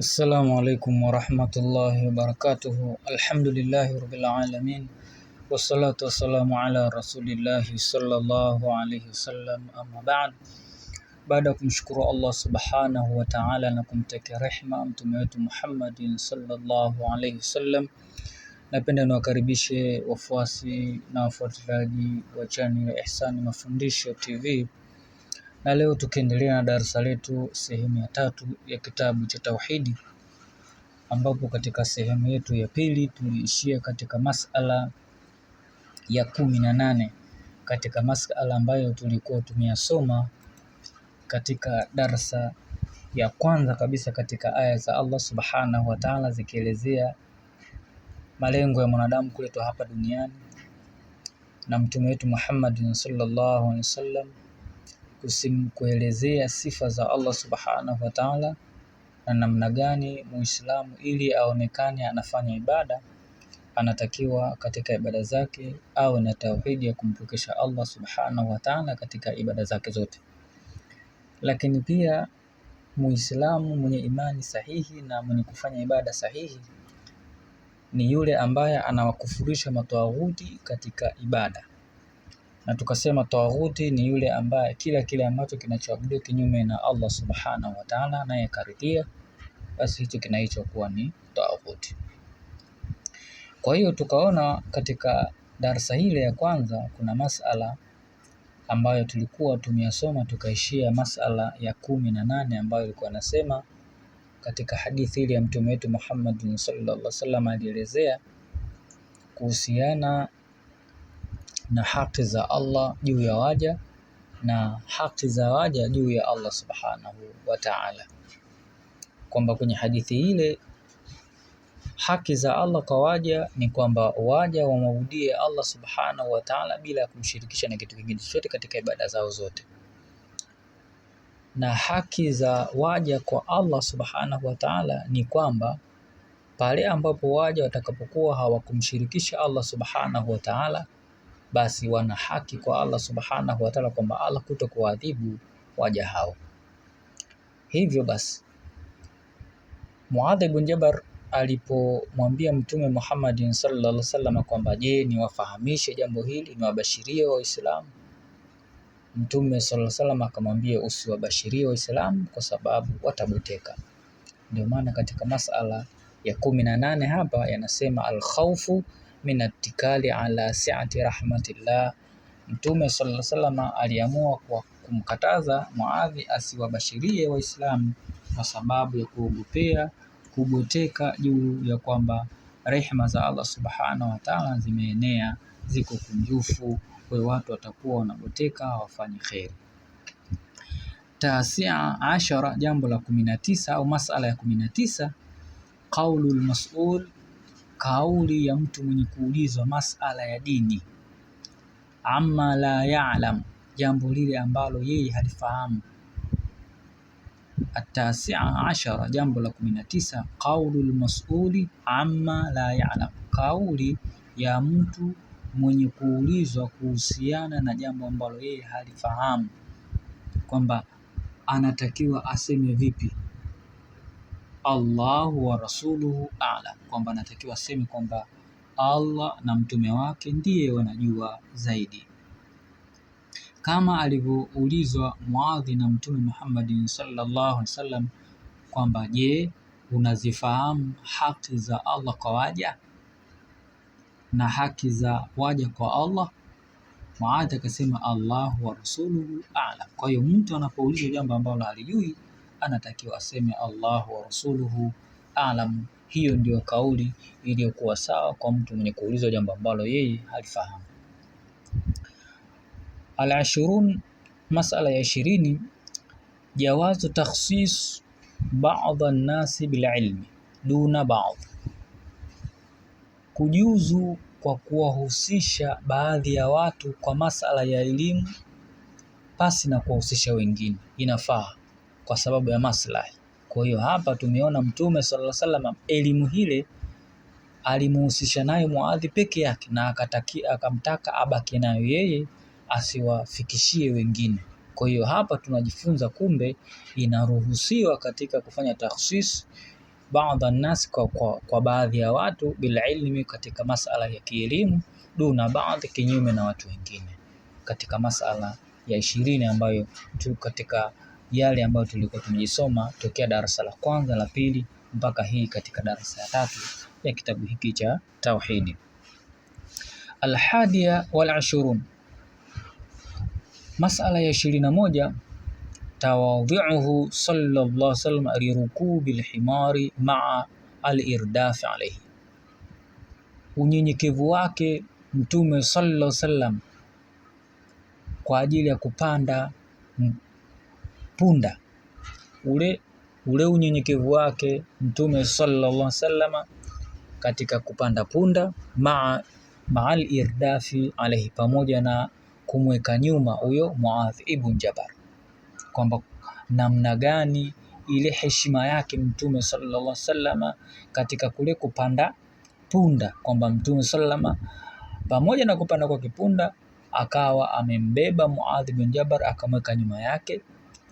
السلام عليكم ورحمة الله وبركاته الحمد لله رب العالمين والصلاة والسلام على رسول الله صلى الله عليه وسلم أما بعد baada ya kumshukuru Allah subhanahu wa ta'ala na kumtakia rehma mtume wetu Muhammadin sallallahu alaihi wasallam, napenda niwakaribishe wafuasi na wafuatiliaji wa channel ya Ihsani Mafundisho TV Na leo tukiendelea na darasa letu sehemu ya tatu ya kitabu cha tauhidi, ambapo katika sehemu yetu ya pili tuliishia katika masala ya kumi na nane katika masala ambayo tulikuwa tumeyasoma katika darasa ya kwanza kabisa katika aya za Allah subhanahu wa ta'ala zikielezea malengo ya mwanadamu kuletwa hapa duniani na mtume wetu Muhammad sallallahu alaihi wasallam kuelezea sifa za Allah subhanahu wa taala na namna gani muislamu ili aonekane anafanya ibada anatakiwa katika ibada zake awe na tauhidi ya kumpokesha Allah subhanahu wa taala katika ibada zake zote. Lakini pia muislamu mwenye imani sahihi na mwenye kufanya ibada sahihi ni yule ambaye anawakufurisha matawaghuti katika ibada, na tukasema tawaguti ni yule ambaye kila kile ambacho kinachoabudiwa kinyume na Allah subhanahu wa ta'ala, naye akaridhia, basi hicho kinaitwa kuwa ni tawaguti. Kwa hiyo tukaona katika darsa hile ya kwanza kuna masala ambayo tulikuwa tumeyasoma tukaishia masala ya kumi na nane ambayo ilikuwa nasema katika hadithi ile ya mtume wetu Muhammad sallallahu alaihi wasallam alielezea kuhusiana na haki za Allah juu ya waja na haki za waja juu ya Allah subhanahu wa ta'ala, kwamba kwenye hadithi ile haki za Allah kwa waja ni kwamba waja wamwabudie Allah subhanahu wa ta'ala bila ya kumshirikisha na kitu kingine chochote katika ibada zao zote, na haki za waja kwa Allah subhanahu wa ta'ala ni kwamba pale ambapo waja watakapokuwa hawakumshirikisha Allah subhanahu wa ta'ala basi wana haki kwa Allah subhanahu wataala kwamba Allah kuto kuwaadhibu waja hao. Hivyo basi Muadh ibn Jabal alipomwambia Mtume Muhammad sallallahu alaihi wasallam kwamba je, niwafahamishe jambo hili, niwabashirie Waislamu? Mtume sallallahu alaihi wasallam akamwambia usiwabashirie Waislamu kwa sababu watabuteka. Ndio maana katika masala ya kumi na nane hapa yanasema alkhaufu min atikali ala siati rahmatillah. Mtume sallallahu alaihi wasallam aliamua kwa kumkataza Muadhi asiwabashirie Waislamu kwa sababu ya kuogopea kugoteka juu ya kwamba rehema za Allah subhanahu wa ta'ala zimeenea, ziko kunjufu, kwa watu watakuwa wanagoteka hawafanyi kheri. Taasia ashara, jambo la kumi na tisa au masala ya kumi na tisa qaulul mas'ul kauli ya mtu mwenye kuulizwa masala ya dini, amma la ya'lam, jambo lile ambalo yeye halifahamu. Atasia ashara, jambo la kumi na tisa, qaulu lmasuli amma la ya'lam, kauli ya mtu mwenye kuulizwa kuhusiana na jambo ambalo yeye halifahamu, kwamba anatakiwa aseme vipi Allahu wa rasuluhu a'lam, kwamba anatakiwa aseme kwamba Allah na mtume wake ndiye wanajua zaidi, kama alivyoulizwa Muadhi na Mtume Muhammadin sallallahu alaihi wasallam kwamba je, unazifahamu haki za Allah kwa waja na haki za waja kwa Allah? Muadhi akasema Allahu wa rasuluhu a'lam. Kwa hiyo mtu anapoulizwa jambo ambalo halijui anatakiwa aseme Allahu wa rasuluhu alam. Hiyo ndiyo kauli iliyokuwa sawa kwa mtu mwenye kuulizwa jambo ambalo yeye halifahamu. Al-ashirun, masala ya ishirini, jawazu takhsis baadhi an-nasi bililmi duna bad kujuzu kwa kuwahusisha baadhi ya watu kwa masala ya elimu pasi na kuwahusisha wengine inafaa kwa sababu ya maslahi. Kwa hiyo hapa tumeona Mtume sallallahu alaihi wasallam elimu hile alimuhusisha nayo Muadhi peke yake na akataki, akamtaka abaki nayo yeye asiwafikishie wengine. Kwa hiyo hapa tunajifunza kumbe, inaruhusiwa katika kufanya takhsis baadha nasi kwa, kwa, kwa baadhi ya watu bila ilmi katika masala ya kielimu, duna baadhi, kinyume na watu wengine katika masala ya ishirini ambayo tu katika yale ambayo tulikuwa tumejisoma tokea darasa la kwanza, la pili mpaka hii katika darasa ya tatu ya kitabu hiki cha tauhidi. Alhadia wal ashurun, masala ya ishirini na moja tawadhiuhu sallallahu sallam wasallam lirukubi lhimari maa alirdafi alayhi, unyenyekevu wake Mtume sallallahu alayhi wasallam kwa ajili ya kupanda punda. Ule ule unyenyekevu wake Mtume sallallahu alaihi wasallam katika kupanda punda maa maal irdafi alaihi, pamoja na kumweka nyuma huyo Muadh ibn Jabal, kwamba namna gani ile heshima yake Mtume sallallahu alaihi wasallam katika kule kupanda punda, kwamba Mtume sallallahu pamoja na kupanda kwa kipunda akawa amembeba Muadh ibn Jabal akamweka nyuma yake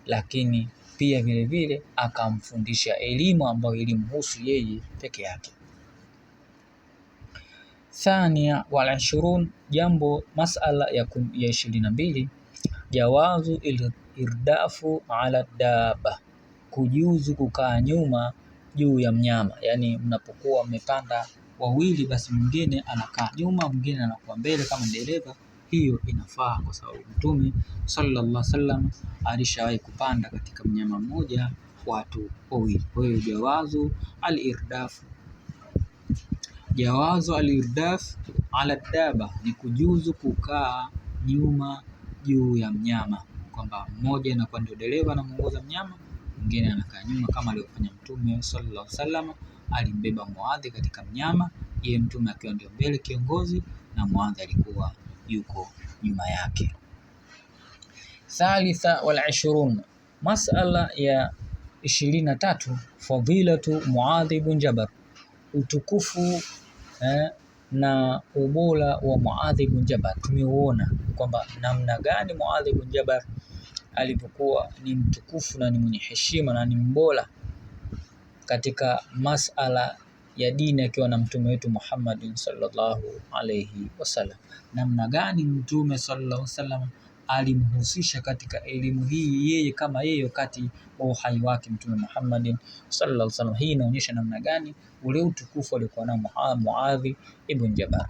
lakini pia vile vile akamfundisha elimu ambayo ilimhusu yeye peke yake. Thania wal jambo masala ya ishirini na mbili jawazu irdafu ala daba, kujuzu kukaa nyuma juu ya mnyama. Yaani mnapokuwa mmepanda wawili, basi mwingine anakaa nyuma, mwingine anakuwa mbele kama dereva hiyo inafaa kwa sababu Mtume sallallahu alaihi wasallam alishawahi kupanda katika mnyama mmoja watu wawili. Kwa hiyo jawazu al-irdaf, jawazu al-irdaf ala daba ni kujuzu kukaa nyuma juu ya mnyama, kwamba mmoja anakuwa ndio dereva anamuongoza mnyama, mwingine anakaa nyuma, kama alivyofanya Mtume sallallahu alaihi wasallam. Alimbeba Muadhi katika mnyama, yeye Mtume akiwa ndio mbele kiongozi, na Muadhi alikuwa yuko nyuma yake. Thalitha wal ishirun, masala ya ishirini na tatu fadilatu Muadh ibn Jabal, utukufu eh, na ubora wa Muadh ibn Jabal. Tumeuona kwamba namna gani Muadh ibn Jabal alivyokuwa ni mtukufu na ni mwenye heshima na ni mbora katika masala ya dini akiwa na mtume wetu Muhammad sallallahu alayhi wasallam. Namna gani mtume sallallahu alaihi wasallam alimhusisha katika elimu hii yeye kama yeye wakati wa uhai wake mtume Muhammadin sallallahu alayhi wasallam. Hii inaonyesha namna gani ule utukufu alikuwa nao Muadhi ibn Jabal.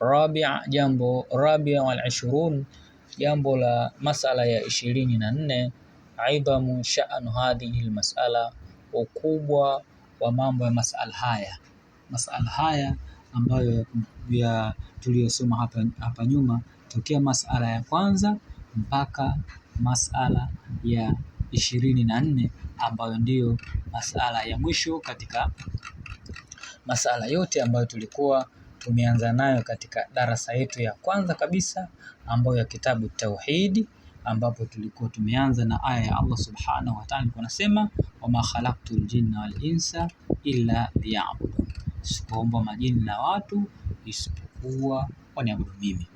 Rabia, jambo rabia wal jambo la masala ya ishirini na nne idhamu sha'nu hadhihi almas'ala, ukubwa wa mambo ya masala haya masala haya ambayo ya tuliyosoma hapa, hapa nyuma tokea masala ya kwanza mpaka masala ya ishirini na nne ambayo ndiyo masala ya mwisho katika masala yote ambayo tulikuwa tumeanza nayo katika darasa yetu ya kwanza kabisa ambayo ya kitabu tauhidi ambapo tulikuwa tumeanza na aya ya Allah subhanahu wa ta'ala, alikuwa anasema wama khalaqtul jinna wal insa illa liya'budun, sikuomba majini na watu isipokuwa waniabudu mimi.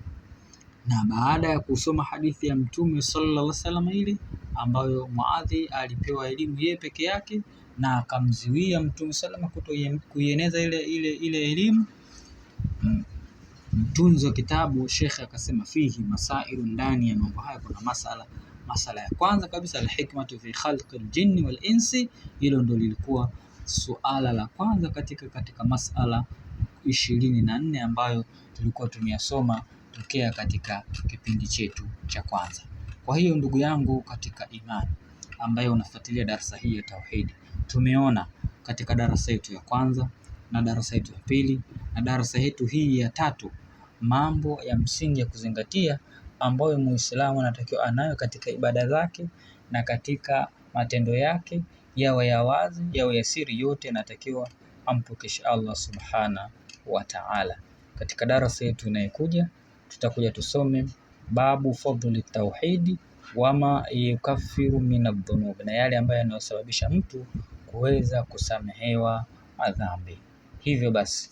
Na baada ya kusoma hadithi ya Mtume sallallahu alaihi wasallam ile ambayo Muadhi alipewa elimu yeye peke yake na akamziwia Mtume wasallam kutoieneza ile ile ile elimu mtunzi wa kitabu shekhe akasema fihi masailu, ndani ya mambo haya kuna masala. Masala ya kwanza kabisa alhikmatu fi khalqi ljinni wal insi, hilo ndo lilikuwa suala la kwanza katika katika masala ishirini na nne ambayo tulikuwa tumeyasoma tokea katika kipindi chetu cha kwanza. Kwa hiyo ndugu yangu katika imani ambayo unafuatilia darasa hii ya tauhidi, tumeona katika darasa yetu ya kwanza na darasa yetu ya pili na darasa yetu hii ya tatu, mambo ya msingi ya kuzingatia ambayo muislamu anatakiwa anayo katika ibada zake na katika matendo yake, yawe ya wazi, yawe ya siri, yote anatakiwa ampokeshe Allah subhana wa taala. Katika darasa yetu inayokuja tutakuja tusome babu fadhli tauhidi wama yukaffiru min adhunub, na yale ambayo yanayosababisha mtu kuweza kusamehewa madhambi. Hivyo basi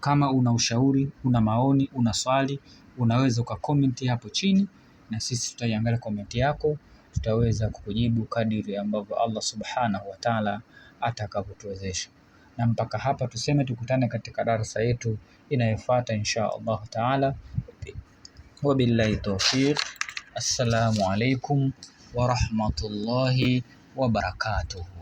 kama una ushauri, una maoni, una swali, unaweza uka comment hapo chini na sisi tutaiangalia komenti yako, tutaweza kukujibu kadiri ambavyo Allah subhanahu wa taala atakavyotuwezesha. Na mpaka hapa tuseme tukutane katika darasa yetu inayofuata insha Allahu taala. Wabillahi tawfiq, assalamu alaikum warahmatullahi wabarakatuh.